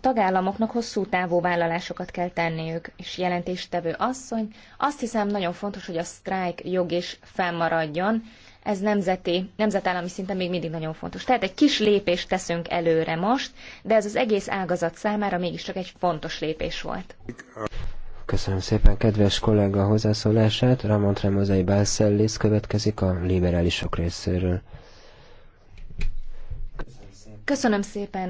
tagállamoknak hosszú távú vállalásokat kell tenniük, és jelentéstevő asszony. Azt hiszem nagyon fontos, hogy a sztrájk jog is fennmaradjon. Ez nemzeti, nemzetállami szinten még mindig nagyon fontos. Tehát egy kis lépést teszünk előre most, de ez az egész ágazat számára mégiscsak egy fontos lépés volt. Köszönöm szépen kedves kollega hozzászólását. Ramon Tremozai Bálszellis következik a liberálisok részéről. Köszönöm szépen.